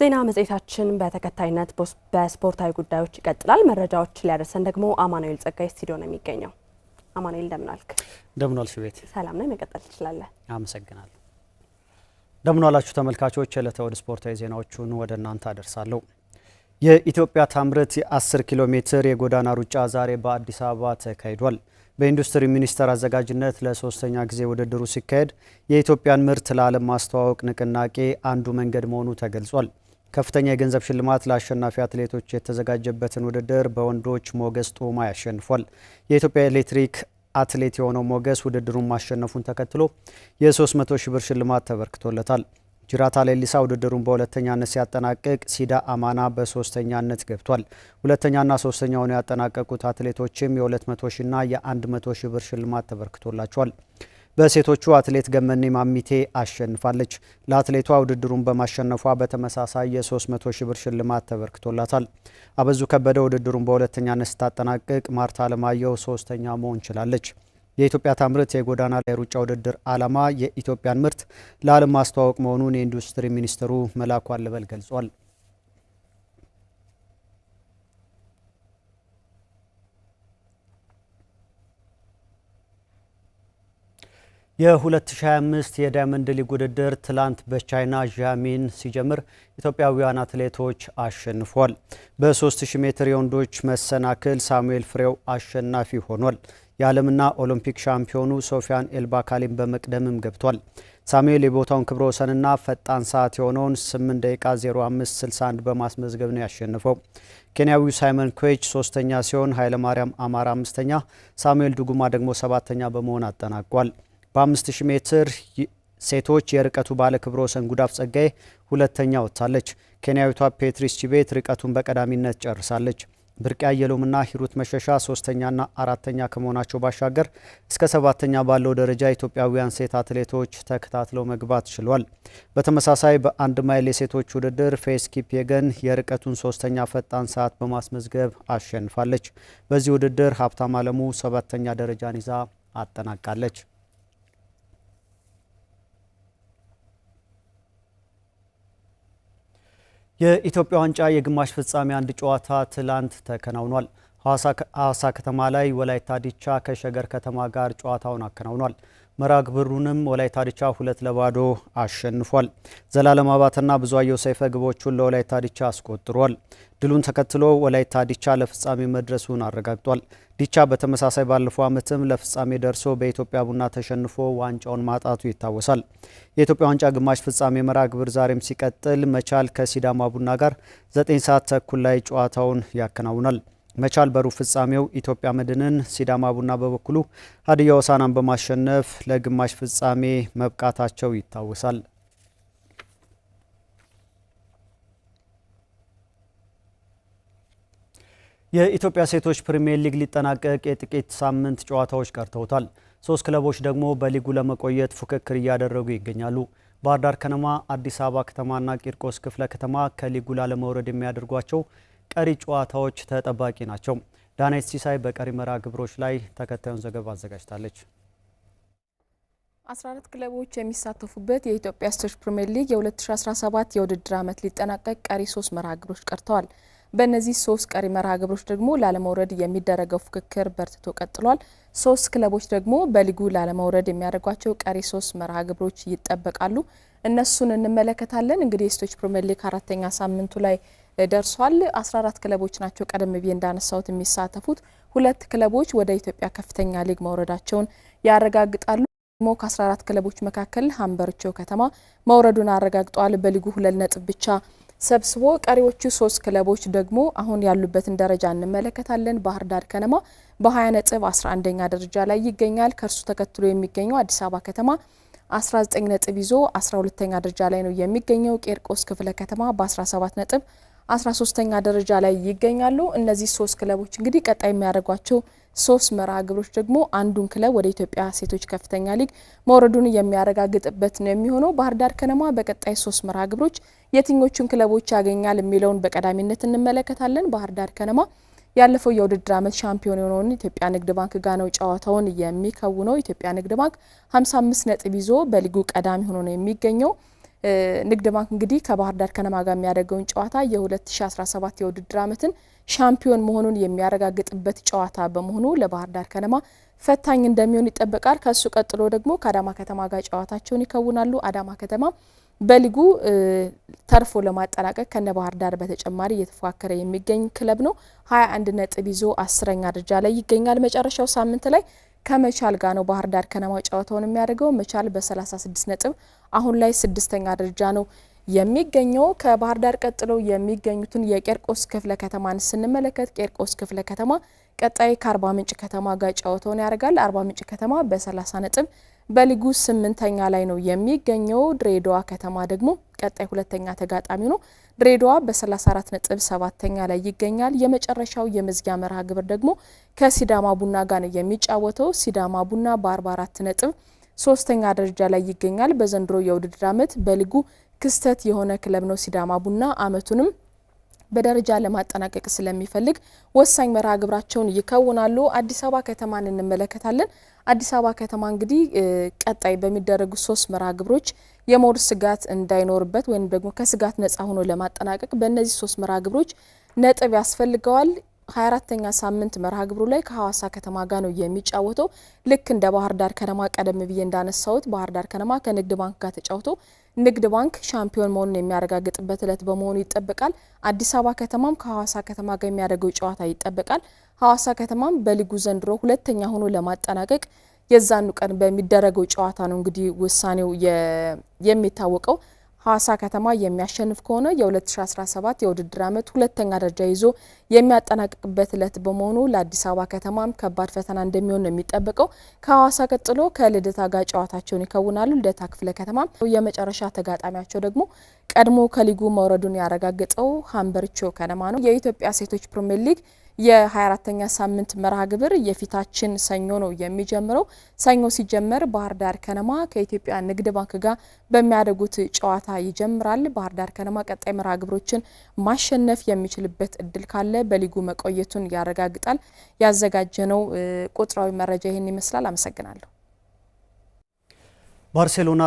ዜና መጽሔታችን በተከታይነት በስፖርታዊ ጉዳዮች ይቀጥላል። መረጃዎች ሊያደርሰን ደግሞ አማኑኤል ጸጋይ ስቱዲዮ ነው የሚገኘው። አማኑኤል እንደምናልክ? እንደምናልሽ ቤት ሰላም ነው። መቀጠል ትችላለን። አመሰግናለሁ። እንደምናላችሁ ተመልካቾች፣ የዕለተ ወደ ስፖርታዊ ዜናዎቹን ወደ እናንተ አደርሳለሁ። የኢትዮጵያ ታምርት የ10 ኪሎ ሜትር የጎዳና ሩጫ ዛሬ በአዲስ አበባ ተካሂዷል። በኢንዱስትሪ ሚኒስቴር አዘጋጅነት ለሶስተኛ ጊዜ ውድድሩ ሲካሄድ የኢትዮጵያን ምርት ለዓለም ማስተዋወቅ ንቅናቄ አንዱ መንገድ መሆኑ ተገልጿል። ከፍተኛ የገንዘብ ሽልማት ለአሸናፊ አትሌቶች የተዘጋጀበትን ውድድር በወንዶች ሞገስ ጦማ ያሸንፏል። የኢትዮጵያ ኤሌክትሪክ አትሌት የሆነው ሞገስ ውድድሩን ማሸነፉን ተከትሎ የ300 ሺህ ብር ሽልማት ተበርክቶለታል። ጅራታ ሌሊሳ ውድድሩን በሁለተኛነት ሲያጠናቅቅ፣ ሲዳ አማና በሶስተኛነት ገብቷል። ሁለተኛና ሶስተኛ ሆነው ያጠናቀቁት አትሌቶችም የ200 ሺና የ100 ሺህ ብር ሽልማት ተበርክቶላቸዋል። በሴቶቹ አትሌት ገመኔ ማሚቴ አሸንፋለች። ለአትሌቷ ውድድሩን በማሸነፏ በተመሳሳይ የ300 ሺ ብር ሽልማት ተበርክቶላታል። አበዙ ከበደ ውድድሩን በሁለተኛነት ስታጠናቅቅ ማርታ አለማየሁ ሶስተኛ መሆን ችላለች። የኢትዮጵያ ታምርት የጎዳና ላይ ሩጫ ውድድር ዓላማ የኢትዮጵያን ምርት ለዓለም ማስተዋወቅ መሆኑን የኢንዱስትሪ ሚኒስትሩ መላኩ አለበል ገልጿል። የ2025 የዳይመንድ ሊግ ውድድር ትላንት በቻይና ዣሚን ሲጀምር ኢትዮጵያውያን አትሌቶች አሸንፏል። በ3000 ሜትር የወንዶች መሰናክል ሳሙኤል ፍሬው አሸናፊ ሆኗል። የዓለምና ኦሎምፒክ ሻምፒዮኑ ሶፊያን ኤልባካሊን በመቅደምም ገብቷል። ሳሙኤል የቦታውን ክብረ ወሰንና ፈጣን ሰዓት የሆነውን 8 ደቂቃ 0561 በማስመዝገብ ነው ያሸነፈው። ኬንያዊው ሳይመን ኩዌች ሶስተኛ ሲሆን ኃይለማርያም አማራ አምስተኛ፣ ሳሙኤል ዱጉማ ደግሞ ሰባተኛ በመሆን አጠናቋል። በአምስት ሺህ ሜትር ሴቶች የርቀቱ ባለክብረ ወሰን ጉዳፍ ጸጋዬ ሁለተኛ ወጥታለች። ኬንያዊቷ ፔትሪስ ቺቤት ርቀቱን በቀዳሚነት ጨርሳለች። ብርቅ አየሎምና ሂሩት መሸሻ ሶስተኛና አራተኛ ከመሆናቸው ባሻገር እስከ ሰባተኛ ባለው ደረጃ ኢትዮጵያውያን ሴት አትሌቶች ተከታትለው መግባት ችሏል። በተመሳሳይ በአንድ ማይል የሴቶች ውድድር ፌስ ኪፕየገን የርቀቱን ሶስተኛ ፈጣን ሰዓት በማስመዝገብ አሸንፋለች። በዚህ ውድድር ሀብታም አለሙ ሰባተኛ ደረጃን ይዛ አጠናቃለች። የኢትዮጵያ ዋንጫ የግማሽ ፍጻሜ አንድ ጨዋታ ትላንት ተከናውኗል። ሐዋሳ ከተማ ላይ ወላይታ ዲቻ ከሸገር ከተማ ጋር ጨዋታውን አከናውኗል። መራግ ብሩንም ወላይታ ዲቻ ሁለት ለባዶ አሸንፏል። ዘላለም አባተና ብዙአየሁ ሰይፈ ግቦቹን ለወላይታ ዲቻ አስቆጥሯል። ድሉን ተከትሎ ወላይታ ዲቻ ለፍጻሜ መድረሱን አረጋግጧል። ዲቻ በተመሳሳይ ባለፈው ዓመትም ለፍጻሜ ደርሶ በኢትዮጵያ ቡና ተሸንፎ ዋንጫውን ማጣቱ ይታወሳል። የኢትዮጵያ ዋንጫ ግማሽ ፍጻሜ መርሃ ግብር ዛሬም ሲቀጥል መቻል ከሲዳማ ቡና ጋር ዘጠኝ ሰዓት ተኩል ላይ ጨዋታውን ያከናውናል። መቻል በሩብ ፍጻሜው ኢትዮጵያ መድንን፣ ሲዳማ ቡና በበኩሉ ሀዲያ ሆሳዕናን በማሸነፍ ለግማሽ ፍጻሜ መብቃታቸው ይታወሳል። የኢትዮጵያ ሴቶች ፕሪሚየር ሊግ ሊጠናቀቅ የጥቂት ሳምንት ጨዋታዎች ቀርተውታል። ሶስት ክለቦች ደግሞ በሊጉ ለመቆየት ፉክክር እያደረጉ ይገኛሉ። ባህር ዳር ከነማ፣ አዲስ አበባ ከተማና ቂርቆስ ክፍለ ከተማ ከሊጉ ላለመውረድ የሚያደርጓቸው ቀሪ ጨዋታዎች ተጠባቂ ናቸው። ዳናይት ሲሳይ በቀሪ መርሃ ግብሮች ላይ ተከታዩን ዘገባ አዘጋጅታለች። 14 ክለቦች የሚሳተፉበት የኢትዮጵያ ሴቶች ፕሪምየር ሊግ የ2017 የውድድር ዓመት ሊጠናቀቅ ቀሪ ሶስት መርሃ ግብሮች ቀርተዋል። በእነዚህ ሶስት ቀሪ መርሃ ግብሮች ደግሞ ላለመውረድ የሚደረገው ፉክክር በርትቶ ቀጥሏል። ሶስት ክለቦች ደግሞ በሊጉ ላለመውረድ የሚያደርጓቸው ቀሪ ሶስት መርሃ ግብሮች ይጠበቃሉ። እነሱን እንመለከታለን። እንግዲህ የሴቶች ፕሪምየር ሊግ አራተኛ ሳምንቱ ላይ ደርሷል። 14 ክለቦች ናቸው ቀደም ብዬ እንዳነሳሁት የሚሳተፉት። ሁለት ክለቦች ወደ ኢትዮጵያ ከፍተኛ ሊግ መውረዳቸውን ያረጋግጣሉ። ደግሞ ከ14 ክለቦች መካከል ሀምበርቾ ከተማ መውረዱን አረጋግጧል። በሊጉ ሁለት ነጥብ ብቻ ሰብስቦ ቀሪዎቹ ሶስት ክለቦች ደግሞ አሁን ያሉበትን ደረጃ እንመለከታለን። ባህር ዳር ከነማ በ20 ነጥብ 11ኛ ደረጃ ላይ ይገኛል። ከእርሱ ተከትሎ የሚገኘው አዲስ አበባ ከተማ 19 ነጥብ ይዞ 12ኛ ደረጃ ላይ ነው የሚገኘው። ቄርቆስ ክፍለ ከተማ በ17 ነጥብ 13ተኛ ደረጃ ላይ ይገኛሉ። እነዚህ ሶስት ክለቦች እንግዲህ ቀጣይ የሚያደርጓቸው ሶስት መርሃ ግብሮች ደግሞ አንዱን ክለብ ወደ ኢትዮጵያ ሴቶች ከፍተኛ ሊግ መውረዱን የሚያረጋግጥበት ነው የሚሆነው። ባህር ዳር ከነማ በቀጣይ ሶስት መርሃ ግብሮች የትኞቹን ክለቦች ያገኛል የሚለውን በቀዳሚነት እንመለከታለን። ባህር ዳር ከነማ ያለፈው የውድድር ዓመት ሻምፒዮን የሆነውን ኢትዮጵያ ንግድ ባንክ ጋ ነው ጨዋታውን የሚከውነው። ኢትዮጵያ ንግድ ባንክ 55 ነጥብ ይዞ በሊጉ ቀዳሚ ሆኖ ነው የሚገኘው። ንግድ ባንክ እንግዲህ ከባህር ዳር ከነማ ጋር የሚያደርገውን ጨዋታ የ2017 የውድድር ዓመትን ሻምፒዮን መሆኑን የሚያረጋግጥበት ጨዋታ በመሆኑ ለባህር ዳር ከነማ ፈታኝ እንደሚሆን ይጠበቃል። ከሱ ቀጥሎ ደግሞ ከአዳማ ከተማ ጋር ጨዋታቸውን ይከውናሉ። አዳማ ከተማ በሊጉ ተርፎ ለማጠናቀቅ ከነ ባህር ዳር በተጨማሪ እየተፎካከረ የሚገኝ ክለብ ነው። ሀያ አንድ ነጥብ ይዞ አስረኛ ደረጃ ላይ ይገኛል። መጨረሻው ሳምንት ላይ ከመቻል ጋር ነው ባህር ዳር ከነማ ጨዋታውን የሚያደርገው። መቻል በ36 ነጥብ አሁን ላይ ስድስተኛ ደረጃ ነው የሚገኘው። ከባህር ዳር ቀጥሎ የሚገኙትን የቄርቆስ ክፍለ ከተማን ስንመለከት ቄርቆስ ክፍለ ከተማ ቀጣይ ከአርባ ምንጭ ከተማ ጋር ጨዋታውን ያደርጋል። አርባ ምንጭ ከተማ በ30 ነጥብ በሊጉ ስምንተኛ ላይ ነው የሚገኘው። ድሬዳዋ ከተማ ደግሞ ቀጣይ ሁለተኛ ተጋጣሚ ነው። ድሬዳዋ በ34 ነጥብ ሰባተኛ ላይ ይገኛል። የመጨረሻው የመዝጊያ መርሃ ግብር ደግሞ ከሲዳማ ቡና ጋር ነው የሚጫወተው። ሲዳማ ቡና በ44 ነጥብ ሶስተኛ ደረጃ ላይ ይገኛል። በዘንድሮ የውድድር ዓመት በሊጉ ክስተት የሆነ ክለብ ነው ሲዳማ ቡና ዓመቱንም በደረጃ ለማጠናቀቅ ስለሚፈልግ ወሳኝ መርሃ ግብራቸውን ይከውናሉ። አዲስ አበባ ከተማን እንመለከታለን። አዲስ አበባ ከተማ እንግዲህ ቀጣይ በሚደረጉ ሶስት መርሃ ግብሮች የመውረድ ስጋት እንዳይኖርበት ወይም ደግሞ ከስጋት ነጻ ሆኖ ለማጠናቀቅ በእነዚህ ሶስት መርሃ ግብሮች ነጥብ ያስፈልገዋል። 24ተኛ ሳምንት መርሃ ግብሩ ላይ ከሐዋሳ ከተማ ጋር ነው የሚጫወተው። ልክ እንደ ባህር ዳር ከነማ ቀደም ብዬ እንዳነሳሁት ባህር ዳር ከነማ ከንግድ ባንክ ጋር ተጫውቶ ንግድ ባንክ ሻምፒዮን መሆኑን የሚያረጋግጥበት እለት በመሆኑ ይጠበቃል። አዲስ አበባ ከተማም ከሐዋሳ ከተማ ጋር የሚያደርገው ጨዋታ ይጠበቃል። ሐዋሳ ከተማም በሊጉ ዘንድሮ ሁለተኛ ሆኖ ለማጠናቀቅ የዛኑ ቀን በሚደረገው ጨዋታ ነው እንግዲህ ውሳኔው የሚታወቀው። ሐዋሳ ከተማ የሚያሸንፍ ከሆነ የ2017 የውድድር ዓመት ሁለተኛ ደረጃ ይዞ የሚያጠናቅቅበት ዕለት በመሆኑ ለአዲስ አበባ ከተማም ከባድ ፈተና እንደሚሆን ነው የሚጠበቀው። ከሐዋሳ ቀጥሎ ከልደታ ጋር ጨዋታቸውን ይከውናሉ። ልደታ ክፍለ ከተማ የመጨረሻ ተጋጣሚያቸው ደግሞ ቀድሞ ከሊጉ መውረዱን ያረጋገጠው ሀምበርቾ ከነማ ነው። የኢትዮጵያ ሴቶች ፕሪምየር ሊግ የ24ተኛ ሳምንት መርሃ ግብር የፊታችን ሰኞ ነው የሚጀምረው። ሰኞ ሲጀመር ባህር ዳር ከነማ ከኢትዮጵያ ንግድ ባንክ ጋር በሚያደርጉት ጨዋታ ይጀምራል። ባህር ዳር ከነማ ቀጣይ መርሃ ግብሮችን ማሸነፍ የሚችልበት እድል ካለ በሊጉ መቆየቱን ያረጋግጣል። ያዘጋጀነው ቁጥራዊ መረጃ ይህን ይመስላል። አመሰግናለሁ። ባርሴሎና